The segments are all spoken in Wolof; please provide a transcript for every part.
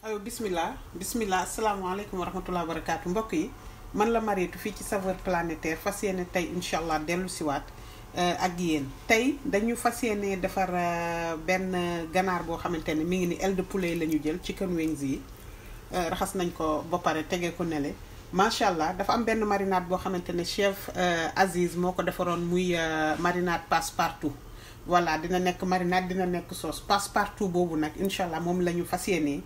ayo bismillah bismillah asalaamaaleykum wa rahmatulah barakaatu mbokk yi man la Marietou fii ci saveur planetaire fas yéene tey incha allah dellu siwaat euh, ak yéen tey dañu fas yéene defar euh, benn ganaar boo xamante ne mi ngi ni aile poulet la ñu jël chicken wings yi euh, raxas nañ ko ba pare tege ko nele macha allah dafa am benn marinade boo xamante ne chef Aziz moo ko defaroon muy marinat passe partout wala dina nekk marinade dina nekk soos passe partout boobu nag incha allah moom la ñu fas yéene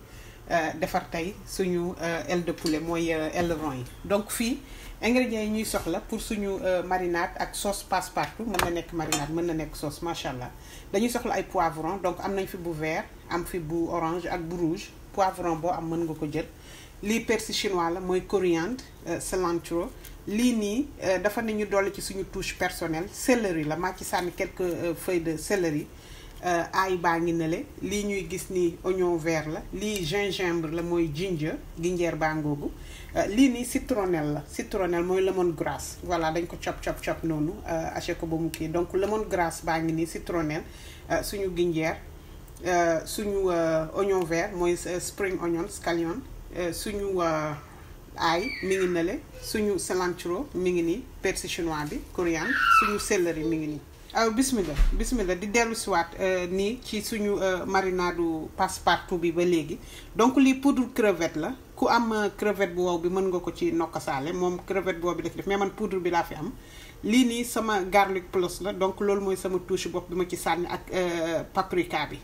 Euh, defar tay suñu euh, aile de poulet moy euh, aileron donc les ingrédients yi ñuy soxla pour suñu marinade ak sauce passe partout mën na nekk marinade mën na nekk sauce machallah dañuy soxla ay poivron donc am nañ fi bu vert am fi bu orange ak bu rouge poivron bo am mën nga ko jël persil chinois la coriandre cilantro lii nii dafa ne ñu dolli ci suñu touche personnelle céleri la maa ci sànni quelques feuilles de céleri Euh, ay baa ngi nele le lii ñuy gis ni oignon ver la lii gingembre la mooy ginger ginjeer baa ngoogu euh, lii nii citronnelle la citronnelle mooy lemongrass voilà dañ ko cop cop cop noonu euh, haché ko ba mu kii donc lemongrass baa ngi nii citronnelle suñu ginjeer suñu oignon ver mooy spring onion scallion suñu aay mi ngi ne suñu cilantro mi ngi nii persil chinois bi coriandre suñu céleri mi ngi nii aw euh, bismillah bismillah di dellu siwaat euh, nii ci suñu euh, marinadu passe-partout bi ba léegi donc lii poudre crevette la ku am crevette bu wow bi mën nga ko ci nokkasaale moom crevette bu wow bi def def mais man poudre bi laa fi am lii nii sama garlic plus la donc loolu mooy sama touche bopp bi ma ci sànni ak paprika bi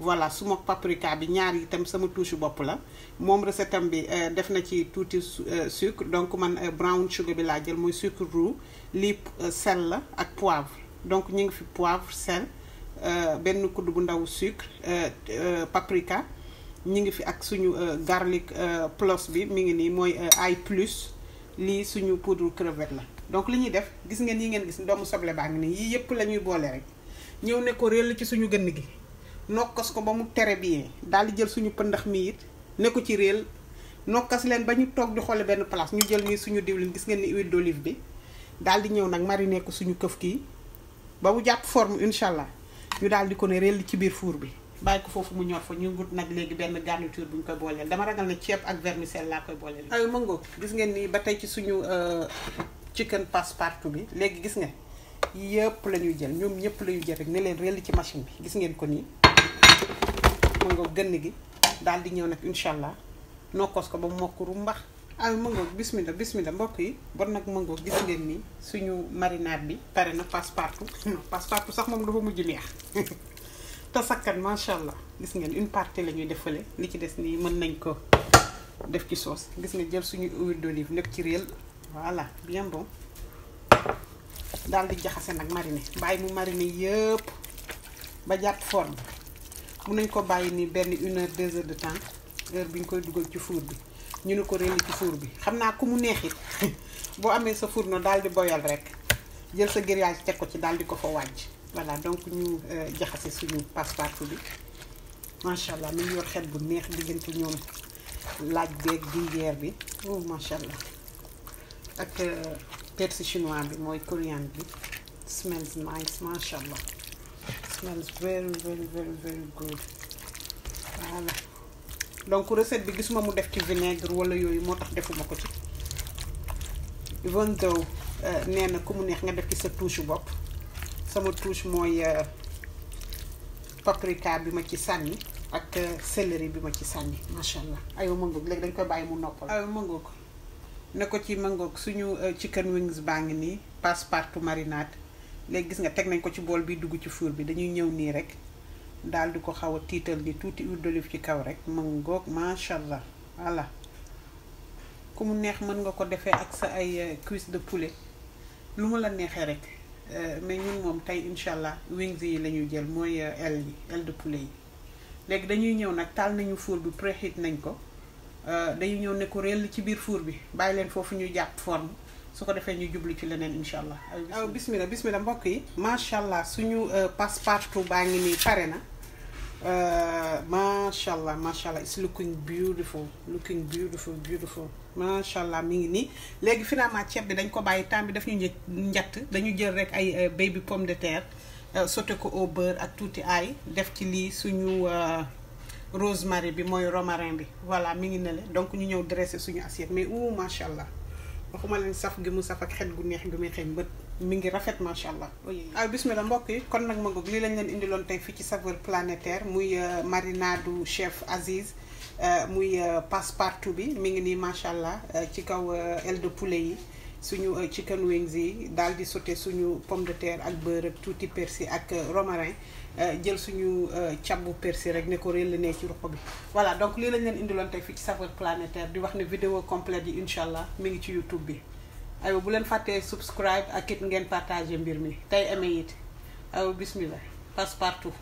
voilà suma ma paprika bi ñaar itam sama touche bopp la moom recette am bi def na ci tuuti sucre donc man brown sugar bi laa jël mooy sucre roux lii sel la ak poivre donc ñu ngi fi poivre sel euh, benn kudd bu ndaw sucre euh, euh paprika ñu ngi fi ak suñu euh, garlic euh, plus bi mi ngi nii mooy euh, ay plus lii suñu poudre crevette la donc li ñuy def gis ngeen yi ngeen gis doomu soble baa ngi nii yii yëpp la ñuy boole rek ñëw ne ko réel ci suñu gënn gi nokkas ko ba mu tere bien daal di jël suñu pëndax mi it ne ko ci réel nokkas leen ba ñu toog di xoole benn place ñu jël nii suñu diwlin gis ngeen ni huile d'olive bi daal di ñëw nag mariner ko suñu këf kii ba bu jàpp forme incha allah ñu daal di ko ne rell ci biir fuur bi bàyyi ko foofu mu ñor fa ñu ngut nag léegi benn garniture bu ñu koy booleel dama ragal ne ceeb ak vermicelle laa koy booleel. ay mango gis ngeen nii ba tey ci suñu euh, chicken passe bi léegi gis nga yëpp lañuy jël ñoom ñëpp la ñuy jël rek ne leen rell ci machine bi gis ngeen ko nii mango gënn gi daal di ñëw nag incha allah nokkoos ko ba mu mokk ru mbax al mangoog bismillah bismillah mbokk yi bon nag mangoog gis ngeen ni suñu marinade bi pare na passe partout non passe partout sax moom dafa mujj neex te sakkan macha allah gis ngeen une partie la ñuy defale li ci des nii mën nañ ko def ci sauce gis nga jël suñu huile d'olive lépp ci réel voilà bien bon daal di jaxase nag mariné bàyyi mu mariné yépp ba jàpp forme mun nañ ko bàyyi ni benn une heure deux heures de temps heure bi ñu koy dugal ci four bi ñu ne ko rendi ci four bi xam naa ku mu neexit boo amee sa na daal di boyal rek jël sa grillage teg ko ci daal di ko fa wàcc voilà donc ñu euh, jaxase suñu passe-partout bi macha allah mi ngi yor xet bu neex diggante ñoom laaj beeg dinjeer bi oh macha allah ak euh, persil chinois bi mooy coriandre bi smells nice macha allah smells very very very very good voilà. donc recette bi gisuma mu def ci vinaigre wala yooyu moo tax defuma ko ci even though nee na ku mu neex nga def ci sa touche bopp sama touche mooy euh, paprika bi ma ci sànni ak euh, céleri bi ma ci sànni macha allah aywa mëngoog léegi dañ koy bàyyi mu noppal aywa mëngoog ne ko ci mëngoog suñu euh, chicken wings baa ngi nii passe partout marinade léegi gis nga teg nañ ko ci bool bi dugg ci fuur bi dañuy ñëw nii rek daal di ko xaw a tiital ni tuuti huile d'olive ci kaw rek mën ngoog macha allah voilà ku mu neex mën nga ko defee ak sa ay euh, cuisse de poulet lu ma la neexee rek euh, mais ñun moom tey incha allah wings yi lañu jël mooy elle euh, yi aile de poulet yi léegi dañuy ñëw nag taal nañu four bi préheat nañ ko dañuy ñëw ne ko réel ci biir four bi bàyyi leen foofu ñu jàpp forme su ko defee ñu jublu ci leneen incha allah. aw bismillah bismillah mbokk yi macha allah suñu euh, passe partout baa ngi nii pare na euh, macha allah macha allah it's looking beautiful looking beautiful beautiful macha allah mi ngi nii léegi finalement ceeb bi dañ ko bàyyi temps bi daf ñu një njatt dañu jël rek ay euh, baby pomme de terre sauté ko au beurre ak tuuti ay def ci lii suñu rosemary bi mooy romarin bi voilà mi ngi ne le donc ñu ñëw dressé suñu assiette mais ouh macha allah. waxuma leen saf gi mu saf ak xet gu neex gi muy xeeñ mi ngi rafet macha allah. ah bismillah mbokk yi kon nag ma ngoog lii lañ leen indiloon tey fii ci saveur planétaire muy euh, marinadu chef Aziz euh, muy euh, passe partout bi mi ngi nii macha allah ci kaw aile de yi. suñu euh, chicken wings yi daal di sauté suñu pomme de terre ak bërëb ak tuuti persil ak euh, romarin euh, jël suñu càbbu persil rek ne ko réel ne ci ruq bi. voilà donc lii lañ leen indiloon tey fii ci saveur planétaire di wax ne vidéo complète yi incha allah mi ngi ci youtube bi aywa bu leen fàttee subscribe ak it ngeen partagé mbir mi tey amee it aywa bismillah passe partout.